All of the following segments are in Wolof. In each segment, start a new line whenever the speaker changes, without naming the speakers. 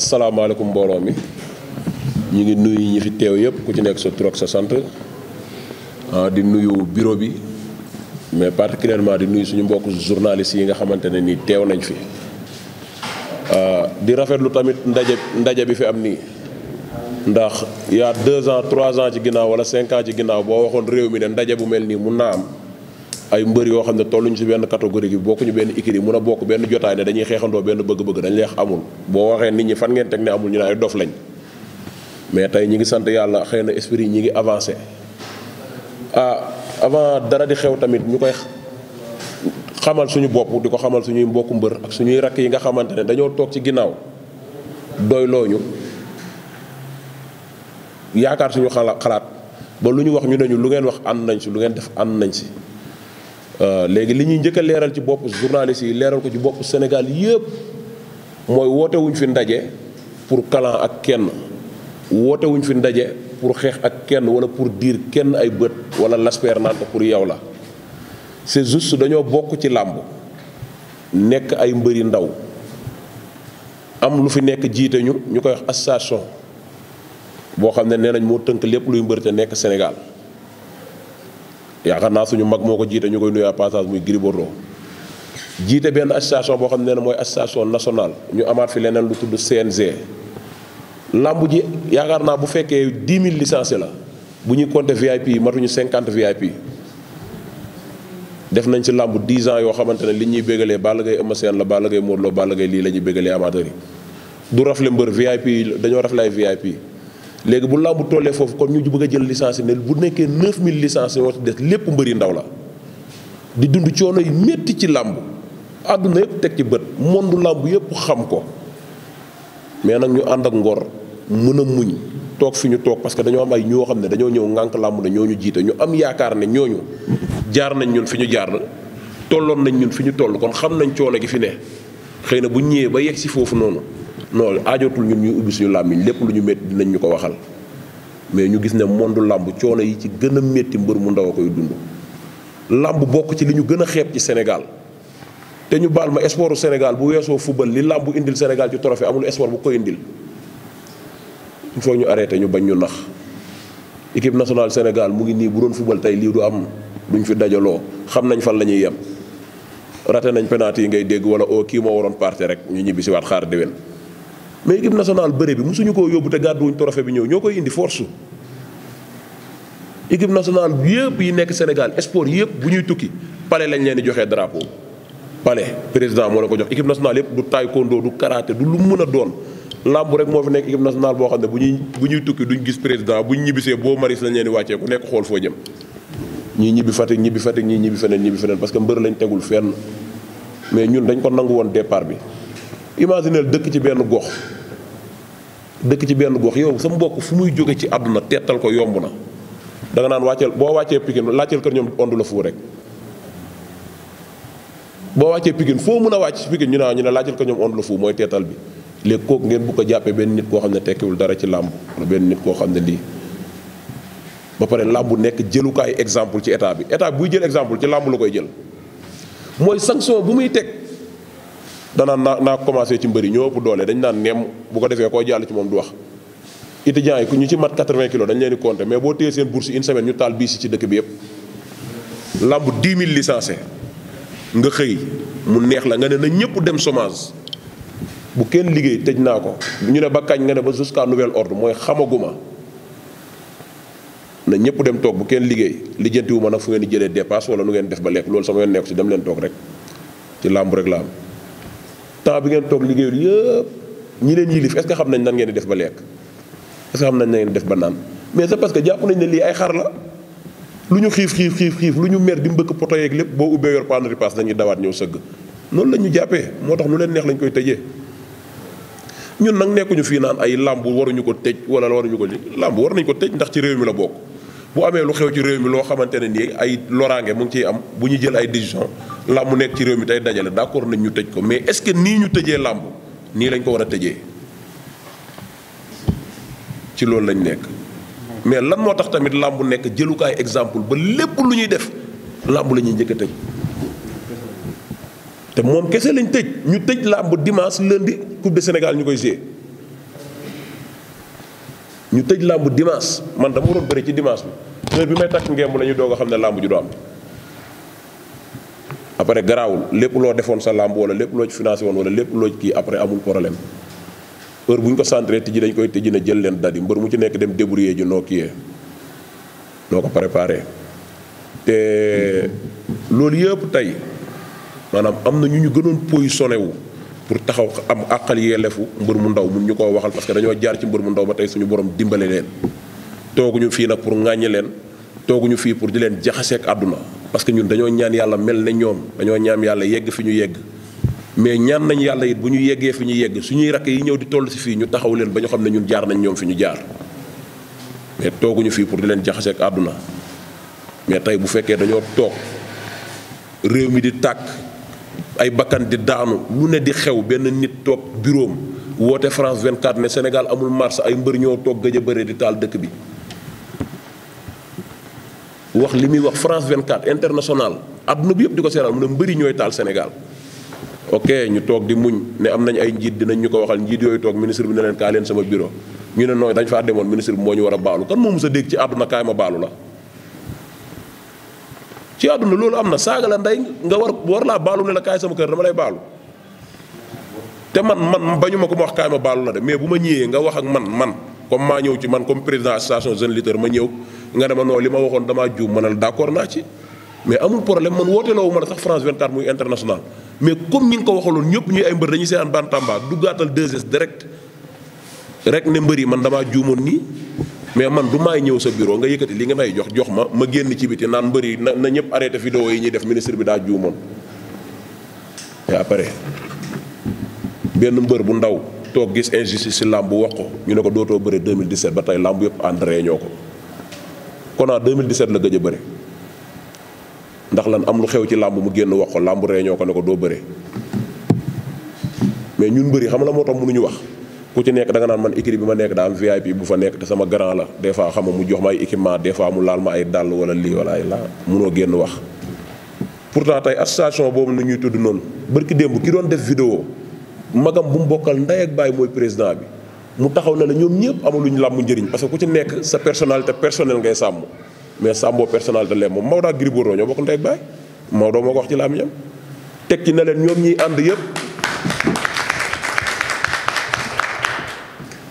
asalaamaaleykum mbooloo mi ñu ngi nuyu ñu fi teew yëpp ku ci nekk sa tur ak sa sant ah, di nuyu bureau bi mais particulièrement di nuyu suñu mbokk journalistes yi nga xamante ne nii teew nañ fi ah, di rafetlu tamit ndaje ndaje bi fi am nii ndax y a deux ans trois ans ci ginnaaw wala cinq ans ci ginnaaw boo waxoon réew mi ne ndaje bu mel nii mun naa am ay mbër yoo xam ne tolluñ si benn catégorie bi bokkuñu benn écurie mun a bokk benn jotaay ne dañuy xeexandoo benn bëgg-bëgg dañ leex amul boo waxee nit ñi fan ngeen teg ne amul ñu ne ay dof lañ mais tey ñi ngi sant yàlla xëy na esprit ñi ngi avancé ah avant dara di xew tamit ñu koy xamal suñu bopp di ko xamal suñuy mbokku mbër ak suñuy rakk yi nga xamante ne dañoo toog ci ginnaaw doy ñu yaakaar suñu xalaat ba lu ñu wax ñu ne ñu lu ngeen wax ànd nañ si lu ngeen def ànd nañ si Euh, léegi li ñuy njëkk a leeral ci bopp journaliste yi leeral ko ci bopp Sénégal yëpp mooy woote wuñ fi ndaje pour kalan ak kenn woote fi ndaje pour xeex ak kenn wala pour diir kenn ay bët wala laspeer naan pour yow la c'est juste dañoo bokk ci làmb nekk ay mbëri ndaw am lu fi nekk jiite ñu ñu koy wax association boo xam ne nee nañ moo tënk lépp luy mbër nekk Sénégal yaakaar naa suñu mag moo ko jiite ñu koy nuyaa passage muy Gris jiite benn association boo xam ne mooy association nationale ñu amaat fi leneen lu tudd CNG. làmb ji yaakaar naa bu fekkee 10 mille licenciés la bu ñuy compter VIP yi matuñu 50 VIP def nañ ci làmb 10 ans yoo xamante ne li ñuy bégalee Balla Gaye Eumeu Sène la Balla Gaye Modou Lo Balla Gaye lii la ñuy bégalee amateur yi du rafle mbër VIP dañoo rafle ay VIP. léegi bu làmb tollee foofu kon ñu bëgg a jël licence yi bu nekkee 9000 licences yoo ci des lépp mbëri ndaw la di dund coono yi métti ci làmb àdduna yëpp teg ci bët monde làmb yëpp xam ko mais nag ñu ànd ak ngor mën a muñ toog fi ñu toog parce que dañoo am ay ñoo xam ne dañoo ñëw ngànk làmb na ñoo ñu jiite ñu am yaakaar ne ñooñu jaar nañ ñun fi ñu jaar tolloon nañ ñun fi ñu toll kon xam nañ coono gi fi ne xëy na bu ñëwee ba yegg si foofu noonu. non aajotul ñun ñuy ubbi suñu làmmiñ lépp lu ñu métti dinañ ñu ko waxal mais ñu gis ne mondu làmb coono yi ci gën a métti mbër mu ndaw a koy dund làmb bokk ci li ñu gën a xeeb ci senegal te ñu baal ma sport Sénégal bu weesoo football li làmb indil Sénégal ci trophée amul sport bu ko indil il faut ñu arrêté ñu bañ ñu nax équipe nationale Sénégal mu ngi nii bu doon football tey lii du am duñ fi dajaloo xam nañ fan la ñuy yem rate nañ penalty yi ngay dégg wala oo oh, kii moo waroon parté rek ñu ñibbisiwaat xaar déwén. mais équipe national bëre bi mosuñu koo yóbbu te gàdduwuñ trophée bi ñëw ñoo koy indi force équipe nationale yëpp yi nekk Sénégal sport yëpp bu ñuy tukki palais lañ leen di joxee drapeau palais président moo la ko jox équipe nationale yëpp du taekwondo du karaté du lu mën a doon làmb rek moo fi nekk équipe nationale boo xam ne bu ñuy bu ñuy tukki duñ gis président bu ñu ñibbisee boo maris lañ leen di wàccee ku nekk xool foo jëm ñii ñibbi Fatick ñibbi Fatick ñii ñibbi feneen ñibbi feneen parce que mbër lañ tegul fenn mais ñun dañ ko nangu woon départ bi imagineel dëkk ci benn gox dëkk ci benn gox yow sa mbokk fu muy jóge ci àdduna teetal ko yomb na danga naan wàcceel boo wàccee Pikine laajteel kër ñoom ondu la fuu rek boo wàccee Pikine foo mën a wàcc ci Pikine ñu ne ñu ne laajteel ko ñoom ondu la fuu mooy teetal bi léegi kooku ngeen bu ko jàppee benn nit koo xam ne tekkiwul dara ci làmb wala benn nit koo xam ne lii ba pare làmb nekk jëlukaayu exemple ci état bi état buy jël exemple ci làmb la koy jël mooy sanction danaan naa naa commencé ci mbëri ñoo ëpp doole dañ naan nemm bu ko defee koo jàll ci moom du wax étudiants yi ñu ci mat 80 kilo dañ leen di compter mais boo téye seen bourse une semaine ñu taal bii si ci dëkk bi yëpp lamb 10 000 licenciés nga xëy mu neex la nga ne na ñëpp dem chômage bu kenn liggéey tëj naa ko ñu ne ba kañ nga ne ba jusqu'à nouvel ordre mooy xamaguma na ñëpp dem toog bu kenn liggéey lijjantiwu ma nag fu ngeen di jëlee dépasse wala nu ngeen def ba lekk loolu sama yoon nekk si dem leen ci làmb rek la temps bi ngeen toog liggéeyul yëpp ñi leen yilif est ce que xam nañ nan ngeen di def ba lekk est ce que xam nañ na ngeen def ba naan mais c'est parce que jàpp nañ ne lii ay xar la lu ñu xiif xiif xiif xiif lu ñu mer di mbëkk poto yeeg lépp boo ubbee yor paanu ripaas dañuy dawaat ñëw sëgg noonu la ñu jàppee moo tax nu leen neex lañ koy tëjee ñun nag nekkuñu fii naan ay làmb waruñu ko tëj wala waruñu ko làmb war nañ ko tëj ndax ci réew mi la bokk bu amee lu xew ci réew mi loo xamante ne nii ay loraange mu ngi ciy am bu ñu jël ay décision làmb nekk ci réew mi tey dajale d'accord nañ ñu tëj ko mais est-ce que nii ñu tëjee làmb nii lañ ko war a tëjee ci loolu lañ nekk. mais lan moo tax tamit làmb nekk jëlukaay exemple ba lépp lu ñuy def làmb la ñuy njëkk a tëj te moom kese lañ tëj ñu tëj làmb dimanche lundi coupe de Sénégal ñu koy jouer. ñu tëj làmb dimanche man dama waroon bëri ci dimanche bi heure bi may takk ngemb la ñu doog xam ne làmb ju do am après garaawul lépp loo defoon sa làmb wala lépp loo ci financé woon wala lépp loo ci kii après amul problème heure bu ñu ko centré tijji dañ koy tijji na jël leen dadi mbër mu ci nekk dem débrouiller ji noo kiyee noo ko préparé te loolu yëpp tey maanaam am na ñu ñu gënoon positionné wu pour taxaw am àqal yelleefu mbër mu ndaw mun ñu koo waxal parce que dañoo jaar ci mbër mu ndaw ba tey suñu borom dimbale leen tooguñu fii nag pour ŋàññi leen tooguñu fii pour di leen jaxaseek àdduna parce que ñun dañoo ñaan yàlla mel ne ñoom dañoo ñaan yàlla yegg fi ñu yegg mais ñaan nañ yàlla it bu ñu yeggee fi ñu yegg suñuy rakk yi ñëw di toll si fii ñu taxaw leen ba xam ne ñun jaar nañ ñu jaar tooguñu fii pour di leen jaxaseek àdduna mais tey bu fekkee dañoo toog réew mi di tàkk ay bakkan di daanu lu ne di xew benn nit toog bureau woote France 24 ne Sénégal amul mars ay mbër ñoo toog gëj a bëree di taal dëkk bi. wax li muy wax France 24 international àdduna bi yëpp di ko seetaan mu ne mbëri ñooy taal Sénégal ok ñu toog di muñ ne am nañ ay njiit dinañ ñu ko waxal njiit yooyu toog ministre bi ne kaa leen sama bureau ñu ne nooy dañ faa demoon ministre bi moo ñu war a baalu kan moom mës a dégg ci àdduna kaay ma baalu la. ci àdduna loolu am na saaga la ndey nga war war laa baalu ne la kaay sama kër dama lay baalu te man man bañu ma ko ma wax kaay ma baalu na de mais bu ma ñëwee nga wax ak man man comme maa ñëw ci man comme président association jeune leader ma ñëw nga ne ma non li ma waxoon dama juum ma ne la d'accord naa ci mais amul problème man woote loowu ma la sax France 24 muy international mais comme ñi nga ko waxaloon ñëpp ñuy ay mbër dañuy seetaan Bantamba duggaatal 2S direct rek ne mbër yi man damaa juumoon nii mais man du maay ñëw sa bureau nga yëkkati li nga may jox jox ma ma génn ci biti naan mbëri na na ñëpp arrêté vidéo yi ñuy def ministre bi daa juumoon et après benn mbër bu ndaw toog gis injustice si làmb wax ko ñu ne ko dootoo bëre 2017 ba tey làmb yëpp entraîné ñoo ko kon en 2017 la gëj a bëre ndax lan am lu xew ci làmb mu génn wax ko làmb ree ñoo ko ne ko doo bëre mais ñun mbëri xam la moo tax mënuñu wax ku ci nekk danga naan man équipe bi ma nekk daa am VIP bu fa nekk te sama grand la des fois xam nga mu jox ma ay équipement des fois mu laal ma ay dàll wala lii wala ay laa munoo génn wax. pourtant tey association boobu nu ñuy tudd noonu bërki démb ki doon def vidéo magam bu mu bokkal ndey ak baay mooy président bi mu taxaw na la ñoom ñëpp amaluñ làmb njëriñ parce que ku ci nekk sa personnalité personnel ngay sàmm mais sàmmoo personnalité lem moom Maodo ak Gris Bordeaux ñoo bokk ndey ak baay Maodo moo ko wax ci na leen ñoom ñiy ànd yëpp.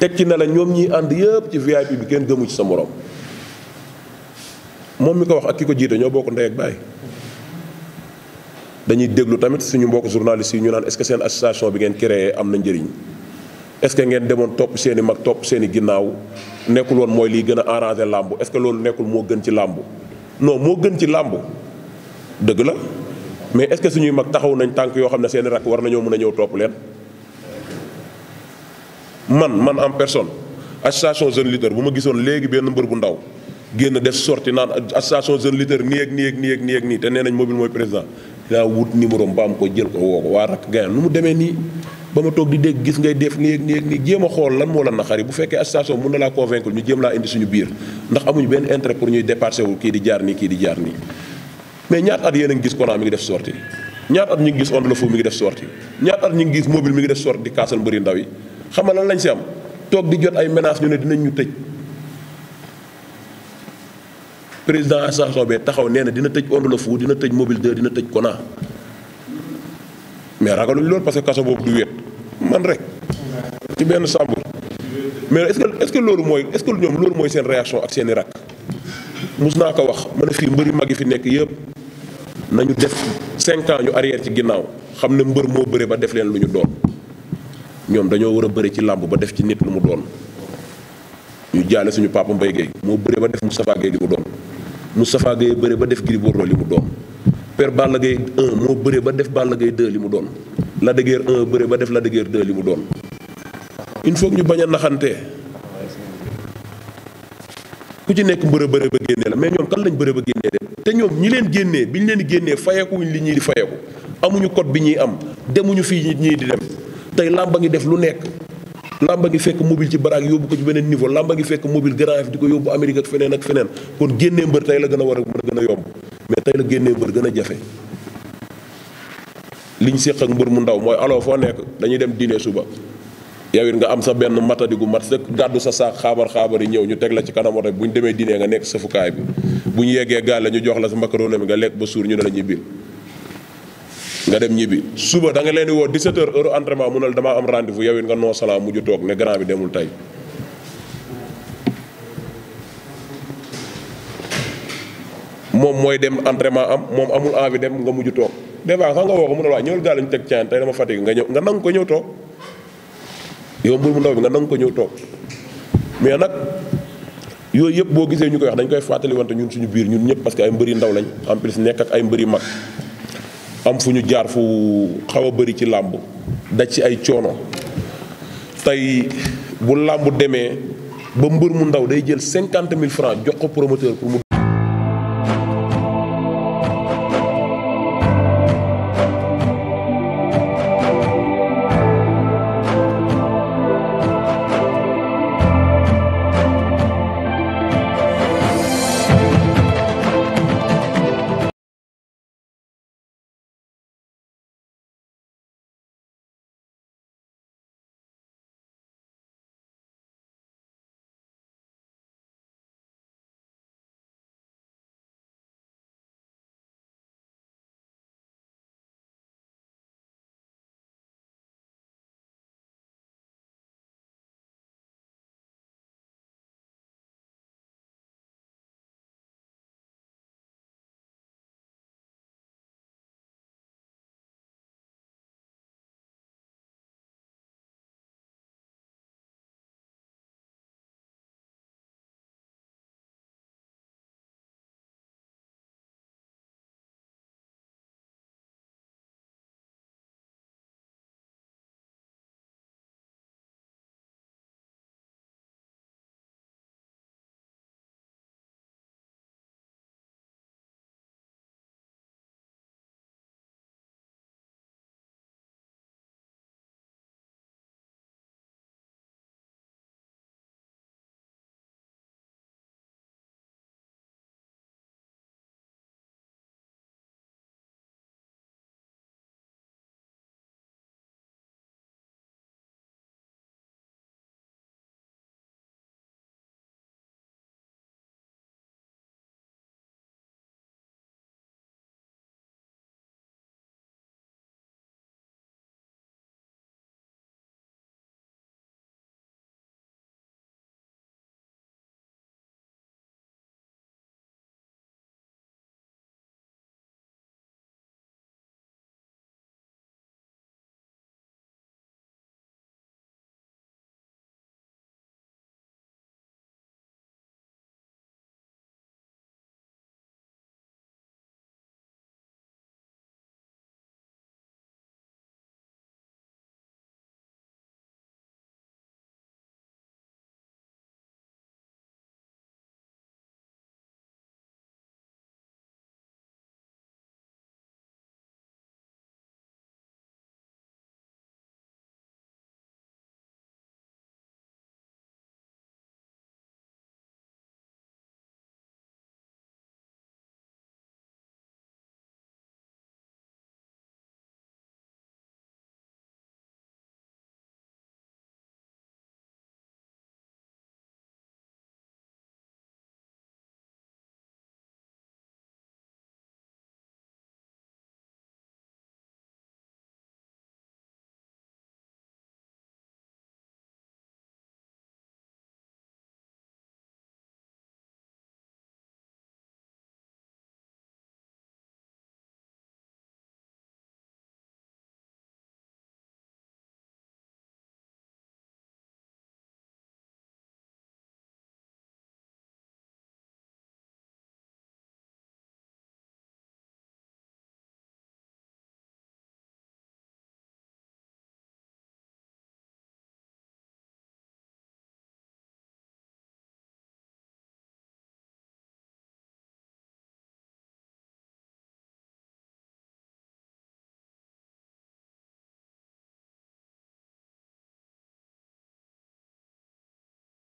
teg ci ne la ñoom ñiy ànd yëpp ci VIP bi kenn gëmu ci sa morom moom mi ko wax ak ki ko jiite ñoo bokk ndey ak baay dañuy déglu tamit suñu mbokk journaliste yi ñu naan est-ce que seen association bi ngeen créé am na njëriñ est-ce que ngeen demoon topp seen i mag topp seeni i ginnaaw nekkul woon mooy liy gën a arranger làmb est-ce que loolu nekkul moo gën ci làmb non moo gën ci làmb dëgg la mais est-ce que suñuy mag taxaw nañ tànk yoo xam ne seen i rakk war nañoo mën a ñëw topp leen. man man am personne association jeune leader bu ma gisoon léegi benn mbër bu ndaw génn def sorti naan association jeune leader nii ak nii ak nii ak te nee nañ mobile mooy président daa wut numéro ba am ko jël ko woo ko waa rakk gayan nu mu demee nii ba ma toog di dégg gis ngay def nii ak nii ak a xool lan moo na naqari bu fekkee association mën na laa convaincre jéem laa indi suñu biir ndax amuñu benn intérêt pour ñuy dépassé wu kii di jaar nii kii di jaar nii mais ñaata at yéen ngi def sorti gis Onde le Fou mi ngi def sorti ñaata at ñu ngi yi xam nga lan lañ si am toog di jot ay menaces ñu ne dinañ ñu tëj président association bee taxaw nee na dina tëj Onde le foofu dina tëj Mobile 2 dina tëj Kona mais ragaluñ loolu parce que kaso boobu du wéet man rek. ci benn sàmbur. mais est-ce est-ce que loolu mooy est ñoom loolu mooy seen réaction ak seen i mus naa ko wax ma ne fii mbëri mag yi fi nekk yëpp nañu def cinq ans ñu arrière ci ginnaaw xam ne mbër moo bëre ba def leen lu ñu doon. ñoom dañoo war a bëri ci làmb ba def ci nit lu mu doon ñu jaale suñu papa Mbaye Guèye moo bëri ba def Moustapha Guèye li mu doon Moustapha Guèye bëri ba def Gris Bordeaux li mu doon Père Balla Gaye moo bëri ba def Balla gay 2 li mu doon Lac de Guiers ba def Lac de Guiers li mu doon il faut ñu bañ a naxante ku ci nekk mbërë bëre ba génnee la mais ñoom kan lañ bëre ba génnee de te ñoom ñi leen génnee bi ñu leen génnee fayeekuwuñ li ñuy di fayeeku amuñu code bi ñuy am demuñu fii ñii di dem tey làmba ngi def lu nekk làmba ngi fekk mobile ci baraag yóbbu ko ci beneen niveau làmba ngi fekk mobile grand di ko yóbbu Amérique ak feneen ak feneen kon génnee mbër tey la gën a war a mën gën a yomb mais tey la génnee mbër gën a jafe liñ séq ak mbër mu ndaw mooy aloo foo nekk dañuy dem dîner suba yow it nga am sa benn matadi gu mat sa gàddu sa saak xaabar xaabar ñëw ñu teg la ci kanam oto bu ñu demee dîner nga nekk sa fukaay bi bu ñu yeggee gaal la ñu jox la sa macaroni bi nga ba suur ñu ne la ñuy bil nga dem ñibbi suba danga leen di woo 17 heures heure entraînement mu ne la damaa am rendez-vous yow nga noo salaam toog ne grand bi demul tey. moom mooy dem entraînement am moom amul envie dem nga mujj toog des fois xam nga woo ko mu ne waaye ñëwal gaal lañu teg caa tey nga ñëw nga nangu ko ñëw toog yow mbir mu ndaw bi nga nangu ko ñëw toog mais nag yooyu yëpp boo gisee ñu koy wax dañ koy fàttaliwante ñun suñu biir ñun ñëpp parce que ay mbëri ndaw lañ en plus nekk ak ay mbëri mag. am fu ñu jaar fu xaw a bëri ci làmb daj ci ay coono tey bu làmb demee ba mbër mu ndaw day jël cinquante mille francs jox ko promoteur pour mu.